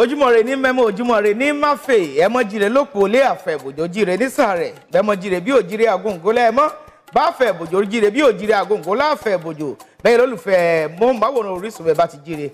ojúmọ́ re ní mẹ́mọ́ ojúmọ́ re ní máfè ẹmọ́jire lóko lé àfẹ́ bòjòjire nísàrẹ̀ bẹ́mọ́jire bí òjire àgóǹgó lẹ́ẹ̀mọ́ báfẹ́ bòjòjire bí òjire àgóǹgó láfẹ́ bòjò bẹ́ẹ̀ lólùfẹ́ mọ́nbáwòrán Orísun bẹ́ẹ̀ bá ti jire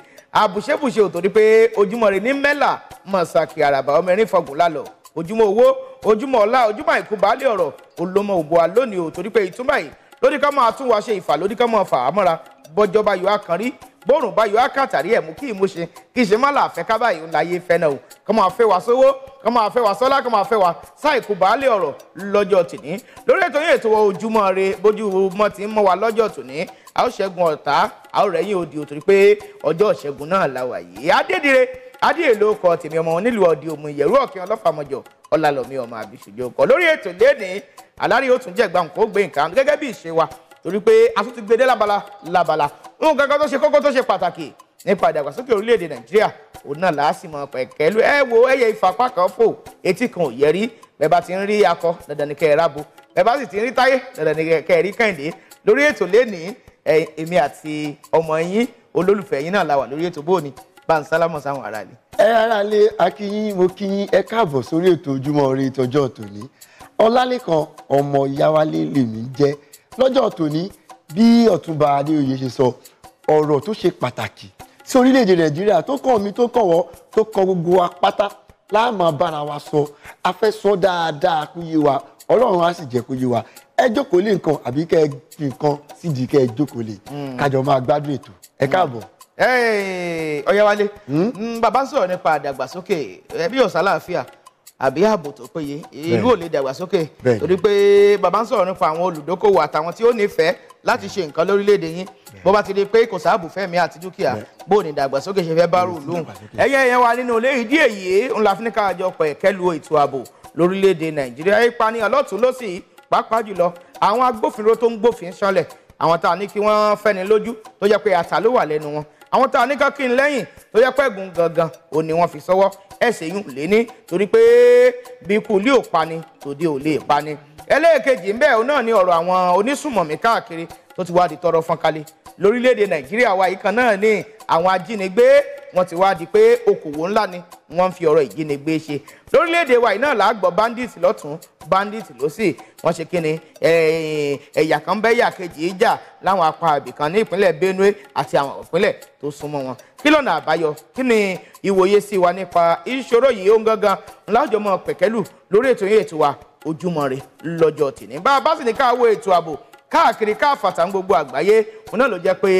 àbùṣẹ́bùṣe ò torí pé ojúmọ́ re ní mẹ́là mọ̀sàkì àràbà ọmọ erin fọgùn lálọ́ ojúmọ́ owó ojúmọ́ ọlá ojúmọ́ àìkú baálé ọ̀rọ̀ olómọ ògbó alónìí ò torí pé ìtúmọ̀ yìí lódì ká máa tún wá ṣe ìfà lódì ká máa fà á mọ́ra bọ́jọba yóò á kan rí bóòrùn bá yọ àkàtàrí ẹ̀ mú kí ìmúṣe kí ìṣe má láàfẹ́ kábàáyé ń láyé fẹ́ náà o kọ́ máa fẹ́ wa sówó kọ́ máa fẹ́ wa sọ́lá kọ́ máa fẹ́ wa sáìkú baálé ọ̀rọ̀ lọ́jọ́ tòní lórí ètò yìí ètò ojúmọ́ re bójúmọ́ ti ń mọ́ wa lọ́jọ́ tòní a ó ṣẹ́gun ọ̀tá a ó rẹ́yìn odi òtòrí pé ọjọ́ ìṣẹ́gun náà la wà yìí adédire adéèló kọ tèmi ọmọ torí pé asúntigbedé labala labala ohun kankan tó ṣe kókó tó ṣe pàtàkì nípa ìdàgbàsókè orílẹ̀-èdè nàìjíríà òun náà láàsì mọ pẹ̀kẹ́lú ẹ wo ẹyẹ ìfapá kan fò etí kan ò yẹ rí bẹ́ẹ̀ bá ti ń rí akọ dandan ní kẹ́ ẹ rábo bẹ́ẹ̀ bá sì ti ń rí táyé dandan ní kẹ́ ẹ rí kẹ́hìndé lórí ètò lẹ́nìí èmi àti ọmọ yín olólùfẹ́ yín náà la wà lórí ètò bóòní bá ń sálámọ̀ sáwọn ará ilé. ẹ ará ilé akínyín mo kíyín ẹ káàbọ̀ sórí ètò ojúmọ́ ire ìtọ́jọ́ tòní ọlálẹ́kan ọmọ yáwálé lèmi jẹ́ lọ́jọ́ tòní bí ọ̀túnba adéoyè ṣe sọ ọ̀rọ̀ tó ṣe pàtàkì sí orílẹ̀-èdè nàìjíríà tó kàn omi tó kàn wọ́ tó kàn gbogbo wa pátá láàmú bára wa sọ a dáadáa kó wa ọlọ́run á sì jẹ́ kó wa ẹ jókòó lé nǹkan àbí kẹ́ ẹ fi nǹkan sídìí kẹ́ ẹ jókòó lé hmm. kájọ máa gbádùn ètò ẹ káàbọ̀. Hmm. ọ̀yáwálé hmm? bàbá ń sọ̀rọ̀ nípa àdàgbàsókè ẹbí ọ̀sálàáfíà àbí ààbò tó péye ìlú ò lè dàgbàsókè torí pé bàbá ń sọ̀rọ̀ nípa àwọn olùdókòwò àtàwọn tí ó nífẹ̀ẹ́ láti ṣe nǹkan lórílẹ̀‐èdè yín bó bá ti di pé kò sáàbù fẹ́mi àti dúkìá bó ní ìdàgbàsókè ṣe fẹ́ bá rò lóhùn ẹ̀yẹ ẹ̀yẹ wa nínú ilé ìdí èyí ńlá fúnikà àjọpọ̀ ẹ̀kẹ́lu ètò ààbò lórílẹ̀‐èdè nàìjíríà ìpànìyàn lọ́tún lọ́sì pàápàá jùlọ àwọn agbófinró tó ń gbófin ṣọlẹ̀ àwọn a ní kí wọ́n fẹ́ni lójú tó jẹ́ pé àṣà ló wà lẹ́nu wọn àwọn tá a ní kankí lẹ́yìn tó yẹ pẹ́gun gangan ò ní wọ́n fi sọ́wọ́ ẹ̀sẹ̀ yún lé ní torí pé bí kú lé ò pani tòde ò lè pani ẹlẹ́ẹ̀kejì ń bẹ òun náà ní ọ̀rọ̀ àwọn onísùmọ̀mí káàkiri tó ti wá di tọrọ fọ́nkálẹ̀ lórílẹ̀‐èdè nàìjíríà wa yìí kan náà ní àwọn ajínigbé wọ́n ti wá di pé okòwò ńlá ni wọ́n ń fi ọ̀rọ̀ ìjínigbé ṣe lórílẹ̀ wa iná làágbọ̀ bandit lọ́tún bandit lọ́sì wọ́n ṣe kí ni eh, ẹ̀yà kan bẹ́yà kejì í jà láwọn apá ibìkan ní ìpínlẹ̀ Benue àti àwọn ìpínlẹ̀ tó súnmọ́ wọn kí lọ́nà àbáyọ kí ni ìwòye sí wa nípa ìṣòro yìí ó ń gangan láwùjọ mọ́ pẹ̀kẹ́lù lórí ètò yìí ètò wa Ojúmọ́ Ire lọ́jọ́ tìní bá a bá sì ní ká wo ètò ààbò káàkiri káàfàtà ń gbogbo àgbáyé òun náà ló jẹ́ pé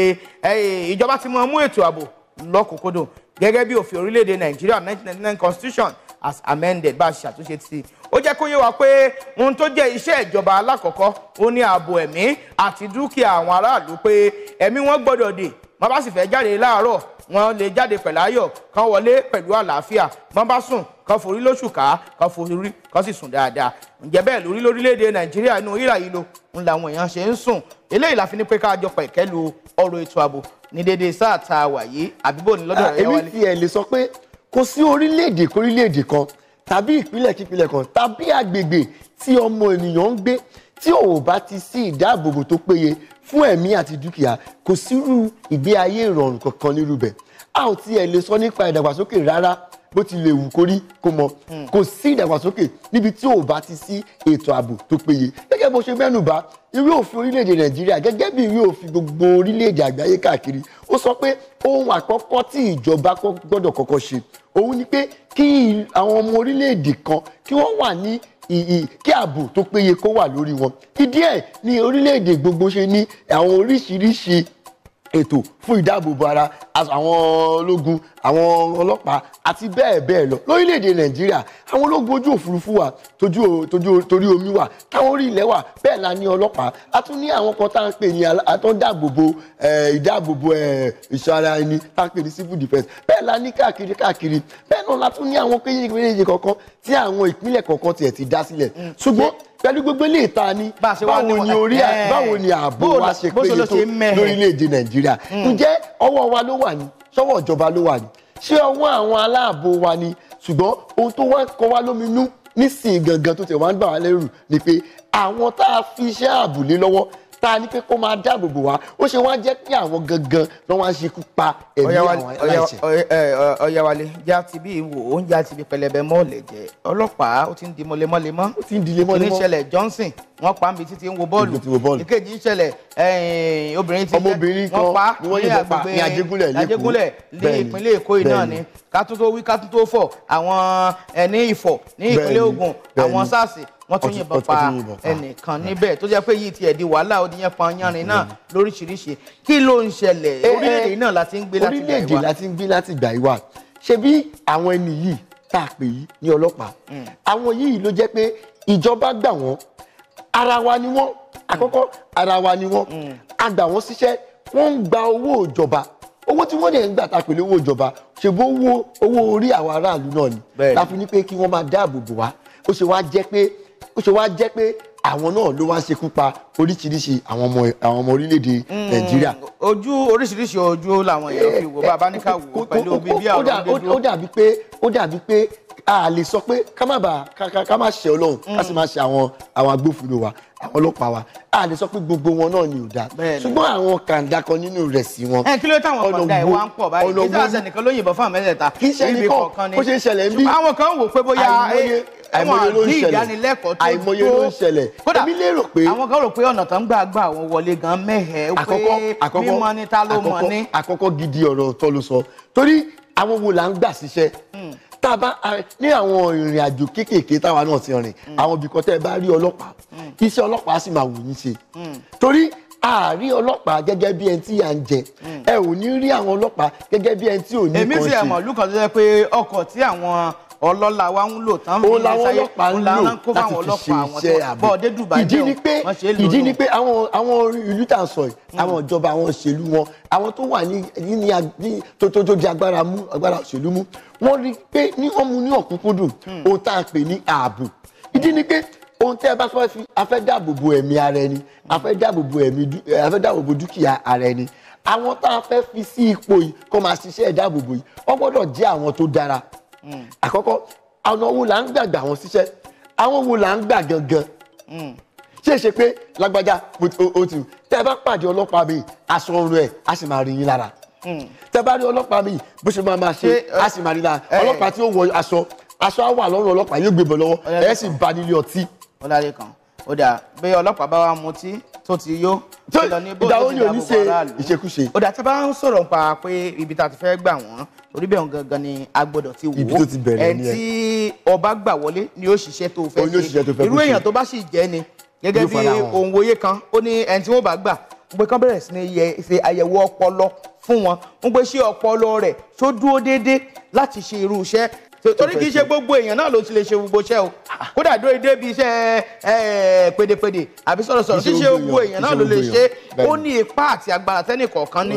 eh, ìjọba ti mọ mú ètò ààbò lọ́kùnkúndùn gẹ́gẹ́ bí òfin orílẹ̀-èdè nàìjíríà 1999 constitution as amended bá a ṣàtúnṣe sí i ó jẹ́ kó yé wa pé ohun tó jẹ́ iṣẹ́ ìjọba alákọ̀ọ́kọ́ ó ní ààbò ẹ̀mí àti dúkìá àwọn aráàlú pé ẹ̀mí wọn gbọ́dọ̀ dè má bá sì fẹ́ jáde láàárọ̀ wọn lè jáde pẹ̀láyọ̀ kán wọlé pẹ̀lú àlàáfíà má bá sùn kan forí lóṣù ká kan forí kan sì sùn dáadáa ǹjẹ́ bẹ́ẹ̀ lórí lórílẹ̀‐èdè nàìjíríà inú rírà yìí lo ń làwọn èèyàn ṣe ń sùn eléyìí la fi ní pé ká jọ pẹ̀kẹ́ lu ọ̀rọ̀ ètò ààbò ní déédéé sáà tá a wà yìí àbíbò ní lọ́dọ̀ rẹ̀ wálé. èmi fi ẹ̀ lè sọ pé kò sí orílẹ̀-èdè kórílẹ̀-èdè kan tàbí ìpínlẹ̀ kípínlẹ̀ kan tàbí àgbègbè tí ọmọ ènìyàn ń gbé tí ò bá ti sí ìdáàbòbò tó péye fún ẹ̀mí àti dúkìá kò sírú ìgbé ayé ìrọ̀rùn kankan nírú bẹ̀ a ò tiẹ̀ lè sọ nípa ìdàgbàsókè rárá bó ti lè wù kó rí kó mọ hmm. kò sí ìdàgbàsókè níbi tí ò bá ti sí ètò ààbò tó péye gẹ́gẹ́ bó ṣe mẹ́nubà ìwé òfin orílẹ̀-èdè nàìjíríà gẹ́gẹ́ bí ìwé òfin gbogbo orílẹ̀-èdè àgbáyé káàkiri ó sọ pé ohun àkọ́kọ́ tí ìjọba gbọ́dọ̀ kọ́kọ́ ṣe òun ni pé kí àwọn ọmọ orílẹ̀-èdè kan kí wọ́n wà ní kí ààbò tó péye kó wà lórí wọn ìdí ẹ̀ ni orílẹ̀-èdè gbogbo ṣe ní àwọn oríṣiríṣi ètò fún ìdáàbòbò ara àwọn ológun àwọn ọlọ́pàá àti bẹ́ẹ̀ bẹ́ẹ̀ lọ lórílẹ̀‐èdè nàìjíríà àwọn ológun ojú òfurufú wa torí omi wa táwọn orí ilẹ̀ wa bẹ́ẹ̀ la ní ọlọ́pàá a tún ní àwọn kan tá à ń pè ní àtọ́ dáàbòbò ìdáàbòbò ìṣọ́ ara ẹni tá à ń pè ní civil defence bẹ́ẹ̀ la ní káàkiri káàkiri bẹ́ẹ̀ náà la tún ní àwọn kéyèké kọ̀ọ̀kan tí àwọn ìpínlẹ̀ kọ̀ọ̀kan tiẹ̀ ti dá sílẹ̀ mm. ṣùgbọ́n pẹ̀lú gbogbo ilé ìta ni báwo ni orí báwo ni ààbò wa ṣe péye tó lórílẹ̀‐èdè nàìjíríà hmm. ǹjẹ́ ọwọ́ wa ló wà ní sọ́wọ́ ìjọba ló wà ní ṣé ọwọ́ àwọn aláàbò wa ni ṣùgbọ́n ohun tó wá kọ wá lóminú nísìnyí gangan tó tẹ̀ wá ń gbà wá lẹ́rù ni pé àwọn tá a fi iṣẹ́ ààbò lé lọ́wọ́ tá a ní pé kó máa dáàbò bò wá ó ṣe wá jẹ́ pé àwọn gangan ló wá ń ṣekú pa ẹ̀mí àwọn aláìṣẹ̀. ọ̀yàwálé já ti bí wò ó ń já ti bí pẹlẹbẹ mọ́ọ̀lẹ̀ jẹ́ ọlọ́pàá ó ti ń di mọ́lemọ́lemọ́ ó ti ń di lemọ́lemọ́ kìíní Johnson wọ́n pa mi títí ń wo bọ́ọ̀lù ìkejì ń obìnrin ti jẹ́ wọ́n pa ní àgbègbè Àjẹgúnlẹ̀ ní ìpínlẹ̀ Èkó iná ni ká wí ká fọ̀ àwọn ní Ifọ̀ ní ìpínlẹ̀ Ògùn àwọn SARS wọ́n tún yìnbọn pa ẹnìkan níbẹ̀ tó jẹ́ pé yìí tiẹ̀ di wàhálà ó di yẹn pan yanrìn náà mm-hmm. lóríṣiríṣi kí ló ń ṣẹlẹ̀ eh, orílẹ̀-èdè náà láti ń gbé láti gbà ìwà orílẹ̀-èdè láti ń gbé láti gbà ìwà ṣebí àwọn ẹni yìí tá a pè yìí ní ọlọ́pàá mm. àwọn yìí ló jẹ́ pé ìjọba gbà wọ́n ara wa ni wọ́n àkọ́kọ́ mm. ara wa ni wọ́n mm. a gbà wọ́n síṣẹ́ wọ́n ń gba owó ìjọba owó tí wọ́n dẹ̀ ń gbà ta pẹ̀lú owó ìjọba ṣègbó owó owó orí àwọn aráàlú náà ni la ní pé kí wọ́n máa dáàbò bò wá ó ṣe wá jẹ́ pé ó ṣe wá jẹ́ pé àwọn náà ló wá ṣekú pa oríṣiríṣi àwọn ọmọ àwọn ọmọ orílẹ̀-èdè hmm, nàìjíríà. ojú oríṣiríṣi ojú làwọn èèyàn fi wò bàbá ní ká wò pẹ̀lú bí bí àwọn ọmọdé dúró. ó dàbí pé ó dàbí pé a lè sọ pé ká má bàa ká má ṣe ọlọ́run ká sì hmm. má ṣe àwọn àwọn agbófinró wa àwọn ọlọ́pàá wa a lè sọ pé gbogbo wọn náà ni ò dá ṣùgbọ́n àwọn kàńdà kan nínú rẹ̀ sí wọn. ẹ kí ló táwọn kàńdà ìwà ń pọ̀ báyìí kí sáà sẹ́nìkan ló yìnbọn fún àmẹ́lẹ̀ta níbi kọ̀ọ̀kan ni àwọn kan wò pé bóyá àìmọye eh, ló ń ṣẹlẹ̀ àìmọye ló ń ṣẹlẹ̀ èmi lérò pé. àwọn kan rò pé ọ̀nà tó gbà gbà àwọn wọlé gan mẹ́hẹ̀ẹ́ pé mímọ ta ló mọ àkọ́kọ́ gidi ọ̀rọ̀ tó ló sọ torí àwọn wo là ń gbà síṣẹ́ hmm tá a bá ní àwọn ìrìn àjò kéékèèké táwa náà ti rìn mm. àwọn ibì kan tẹ́ ẹ bá rí ọlọ́pàá mm. iṣẹ́ ọlọ́pàá sì máa wù yín ṣe mm. torí àárí ọlọ́pàá gẹ́gẹ́ bí ẹni tí à ń jẹ ẹ ò ní rí àwọn ọlọ́pàá gẹ́gẹ́ bí ẹni tí ò ní kàn ṣe. èmi sì àmọ̀ lùkàn tó jẹ́ pé ọkọ̀ tí àwọn ọlọ́lá wa ń lò tán fún ilé sáyé òun làwọn kó fáwọn ọlọ́pàá àwọn tó bọ́ dé Dubai bẹ́ẹ̀ wọ́n ṣe é lò ó. ìdí ni pé àwọn àwọn ìlú tà ń sọ yìí àwọn ìjọba àwọn òṣèlú wọn àwọn tó wà ní ní tó di agbára mú agbára òṣèlú mú wọ́n rí i pé ní wọ́n mú ní ọ̀kúnkúndùn hmm. ohun tá a pè ní ààbò ìdí ni pé ohun tẹ́ ẹ bá fẹ́ fi afẹ́ dáàbò bo ẹ̀mí ara ẹni afẹ́ dáàbò bo ẹ̀mí eh, afẹ́ dáàbò bo dúkìá ara ẹni àwọn tá a fẹ́ fi sí ipò yìí kó máa ṣiṣẹ́ ìdáàbò bo yìí wọ́n gbọ́dọ̀ jẹ́ àwọn tó dára àkọ́kọ́ àwọn wo là ń gbàgbà wọn síṣẹ́ àwọn wo là ń gbà gangan ṣé ṣe pé lágbájá o ti tẹ bá pàdé ọlọ́pàá mi aṣọ ọrùn ẹ̀ a sì máa rí yín lára tẹ bá rí ọlọ́pàá mi bó ṣe máa máa ṣe a sì máa rí lára ọlọ́pàá tí ó wọ aṣọ aṣọ á wà lọ́rùn ọlọ́pàá yóò gbébọn lọ́wọ́ ẹ̀ sì bá nílé ọtí. ọ̀làlẹ̀ kan ó dà bí ọlọ́pàá bá wa mutí tó ti yó lọ ní bó tó ti dáàbò bọ aráàlú ìṣekúṣe. ọ̀dà tí a bá ń sọ̀rọ̀ pa pé ibi tá a ti fẹ́ gbà wọ́n orí bẹ́ẹ̀ gangan ni a gbọ́dọ̀ ti wò ó ẹni tí ọba gbà wọlé ni ó ṣiṣẹ́ tó fẹ́ ṣe irú èèyàn tó bá sì jẹ́ ni gẹ́gẹ́ bí òǹwòye kan ó ní ẹni tí wọ́n bá gbà ń pé kán bẹ̀rẹ̀ sí ní ṣe àyẹ̀wò ọpọlọ fún wọn ń pé ṣé ọpọlọ rẹ̀ tó dúró déédéé láti ṣe irú iṣẹ́ torí kì í ṣe gbogbo èèyàn náà ló ti lè ṣe gbogbo iṣẹ́ o kódà dúró dé bí iṣẹ́ eh, pèdèpèdè àbí sọ̀rọ̀sọ̀rọ̀ kì í ṣe gbogbo èèyàn náà ló lè ṣe ó ní ipá àti agbára tẹ́nì kọ̀ọ̀kan ní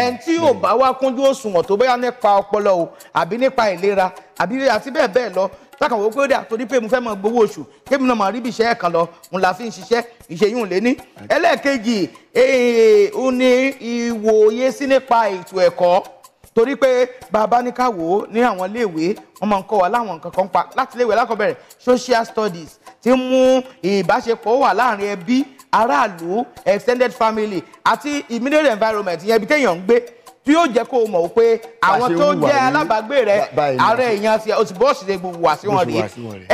ẹni tí ò bá wá kúnjú òṣùwọ̀n tó bóyá nípa ọpọlọ o àbí nípa ìlera àbí àti bẹ́ẹ̀ bẹ́ẹ̀ lọ lákàwọ́ pé ó dà torí pé mo fẹ́ mọ gbowó oṣù kébì náà máa rí bí iṣẹ́ kan lọ n la fi ń ṣiṣẹ́ ìṣèyún lé ní. ẹlẹ́ẹ̀kejì eh, ó ní ìwòye sí nípa ètò ẹ̀kọ́ torí pé bàbá ní ká wò ó ní àwọn iléèwé wọn máa ń kọ́ wa láwọn nǹkan kan pa láti iléèwé lákọ̀ọ́bẹ̀rẹ̀ social studies ti mú ìbáṣepọ̀ wà láàrin ẹbí aráàlú extended family àti immediate environment ìyẹn ibi téèyàn ń gbé tí yóò jẹ́ kó o mọ̀ pé àwọn tó jẹ́ alábàágbé rẹ̀ ààrẹ èèyàn sí oṣù bọ́ọ̀sì ṣe gbogbo wà sí wọn rèé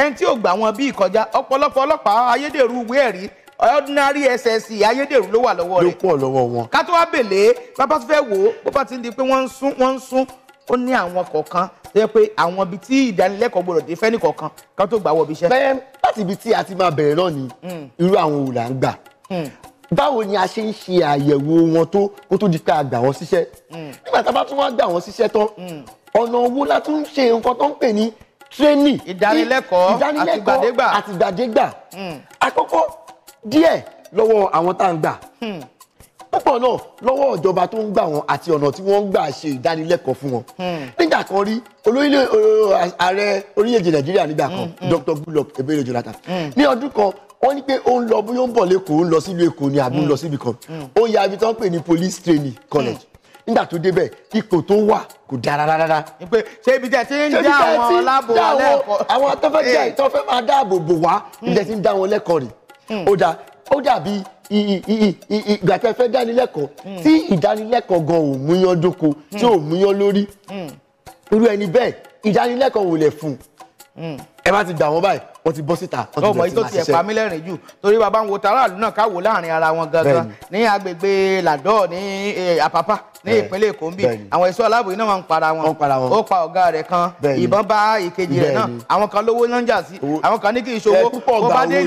ẹni tí ò gbà wọn bí ìkọjá ọ̀pọ̀lọpọ̀ ọlọ́pàá ayédèrú ìwé ẹ̀rí ordinary ssc ayédèrú ló wà lọ́wọ́ rẹ̀ ló pọ̀ lọ́wọ́ wọn. ká tó wá bèlè bàbá tó fẹ́ wò ó bó bá ti ń di pé wọ́n ń sún wọ́n ń sún ó ní àwọn kọ̀ọ̀kan tó yẹ pé àwọn ibi tí ìdánilẹ́kọ̀ọ́ gbọ́dọ̀ dé fẹ́ nìkọ̀ọ̀kan ká tó gbà wọ ibi iṣẹ́. bẹ́ẹ̀ láti ibi tí a ti máa bẹ̀rẹ̀ náà ni hmm. irú àwọn òòlà ń gbà hmm. báwo ni a ṣe ń ṣe àyẹ̀wò wọn tó kó tó di pé a gbà wọ́n síṣẹ́ hmm. nígbà tá díẹ̀ lọ́wọ́ àwọn tá à ń gbà púpọ̀ náà lọ́wọ́ ìjọba tó ń gbà wọn àti ọ̀nà tí wọ́n ń gbà ṣe ìdánilẹ́kọ̀ọ́ fún wọn. nígbà kan rí olóyè ààrẹ orílẹ̀-èdè nàìjíríà nígbà kan mm, mm. Dr. Goodluck Ebele Jonathan mm. ní ọdún kan wọ́n ní pé ó ń lọ bóyá ó ń bọ̀ lẹ́kọ̀ọ́ ó ń lọ sílùú èkó ni àbí ó ń lọ síbi kan ó ya ibi tó pè ní police training college nígbà tó débẹ̀ ipò tó wà kò dára rárá. pé ṣé ibi tẹ ti ń dá àwọn láàbò wọn lẹ́kọ̀ọ́ àwọn tó fẹ́ máa dáàbò bò wá ibi tẹ ti ń dá wọn lẹ́kọ̀ọ́ rèé Mm. ó dà ó dàbí ìgbà tẹ́ fẹ́ dánilẹ́kọ̀ọ́ mm. tí ìdánilẹ́kọ̀ọ́ gan ò múyán dóko tí ò mm. múyán lórí irú ẹni bẹ́ẹ̀ ìdánilẹ́kọ̀ọ́ wò lẹ̀ fún un ẹ bá ti gbà wọn báyìí wọn ti bọ́ síta wọn ti bẹ̀rẹ̀ sí máa ṣiṣẹ́. ọmọ yìí tó tiẹ̀ pa mí lẹ́rìn jù torí bàbá ń wo tàràlù náà káwò láàrin ara wọn gangan ní agbègbè làdọ́ọ̀ ní eh, àpápá ní ìpínlẹ̀ èkó ń bì àwọn ẹ̀ṣọ́ aláàbò iná wọn ń para wọn ó pa ọ̀gá rẹ̀ kan ìbọn bá ìkejì rẹ̀ náà àwọn kan lówó náà ń jà sí àwọn kan ní kí ìṣòwò bó bá dé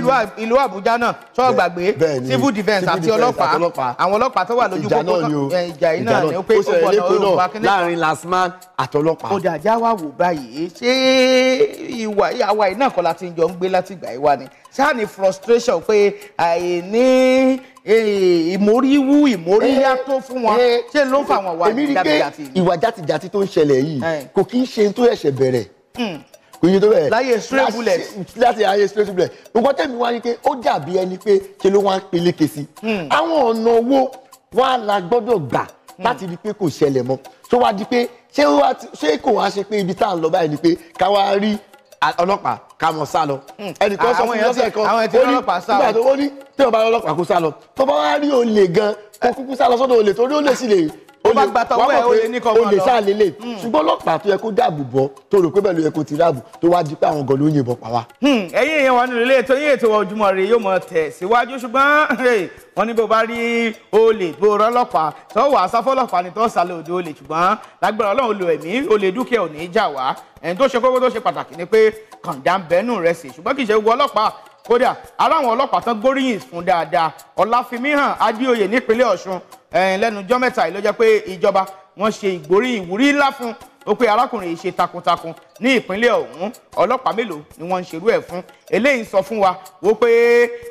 ìlú àbújá náà sọ gbàgbé civil defence àti ọlọ́pàá àwọn ọlọ́pàá tó wà lójú pópó ìjà yìí ni ó pé ó pọ̀ náà ó wà kíní. láàrin lasman àtọlọ́pàá. ó dàjà wà wò báyìí ṣé ìwà àwa yìí náà kọ́ jọ ń gbé látìgbà yìí wá ni ṣáà ni frustration pé àìní ìmóríwú ìmóríyá tó fún wọn ṣé ló ń fa àwọn ìwà jàtìjàtì. ìwà jàtìjàtì tó ń ṣẹlẹ̀ yìí kò kí ń ṣe tó ẹ̀ṣẹ̀ bẹ̀rẹ̀ hmm. kò yí tó bẹ̀rẹ̀ láyé straight bullet láti ayé straight bullet nǹkan tẹ̀mí wá ní pé ó dàbí ẹni pé ṣe ló wá ń peléke sí hmm. àwọn ọ̀nà owó wa la gbọ́dọ̀ gbà hmm. láti rí pé kò ṣẹlẹ̀ mọ́ tó wá di pé ṣé kò wá ṣe pé ibi tá à ń lọ báyìí ni pé ká wá rí ọlọ́pàá ká mọ̀ sá lọ ẹnìkan sọ fún mi lọ́sẹ̀ kan ó ní tí wọn bá lọ ọlọ́pàá kó sá lọ tó bá wá rí olè gan kó kúkú sá lọ sọ́dọ̀ olè torí olè sì lè olè wàá mọ̀ pé olè sá lélẹ̀ hmm. ṣùgbọ́n ọlọ́pàá tó yẹ kó dáàbò bọ́ tó rò pé bẹ́ẹ̀ ló yẹ kó ti dáàbò tó wá di pé àwọn gan ló ń yìnbọn pa wá. Hmm. ẹ̀yin èèyàn wa nílò ilé ètò yín ètò Ojúmọ́ Ire yóò mọ tẹ̀ síwájú ṣùgbọ́n wọn ní bó bá rí olè bó rọlọ́pàá tó wà sáfọ́lọ́pàá ni tó sálẹ̀ òde olè ṣùgbọ́n lágbára Ọlọ́run olè ẹ̀mí olè dúkìá ò ní í jà wá ẹni tó ṣe kókó tó ṣe pàtàkì ni pé kàndá ń bẹ́nu rẹ̀ sí ṣùgbọ́n kì í ṣe gbogbo ọlọ́pàá kódà aráwọn ọlọ́pàá tán gbóríyìn fún dáadáa ọláfimíhàn adéoyè nípínlẹ̀ ọ̀ṣun eh, lẹ́nu jọ́ mẹ́ta yìí ló jẹ́ pé ìjọba wọ́n ṣe ìgbóríyìn ìwúrí ńlá fún ó pé arákùnrin yìí ṣe takuntakun ní ìpínlẹ̀ ọ̀hún ọlọ́pàá mélòó ni wọ́n ń ṣerú ẹ̀ fún eléyìí sọ fún wa wó pé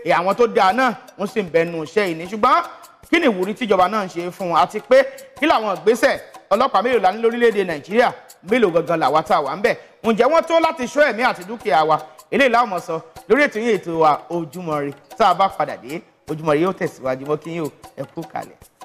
eh, àwọn tó dáa náà wọ́n sì ń bẹnu iṣẹ́ ìní ṣùgbọ́n kí ni ìwúrí tíjọba náà ń ṣe fún un àti pé kí làwọn ìgbésẹ̀ ọlọ́pàá mélòó la ní lórílẹ̀‐èdè nàìjíríà mélòó gangan làwa tá a wà ń bẹ̀ ǹjẹ́ wọ́n tó láti ṣọ́ ẹ̀mí àti dúkìá wa eléyìí láwọn sọ lórí ètò yìí ètò wa ojúmọ́ ire tá a bá padà dé ojúmọ́ ire yóò tẹ̀síwájú mọ́ kí yín o ẹ kú kalẹ̀.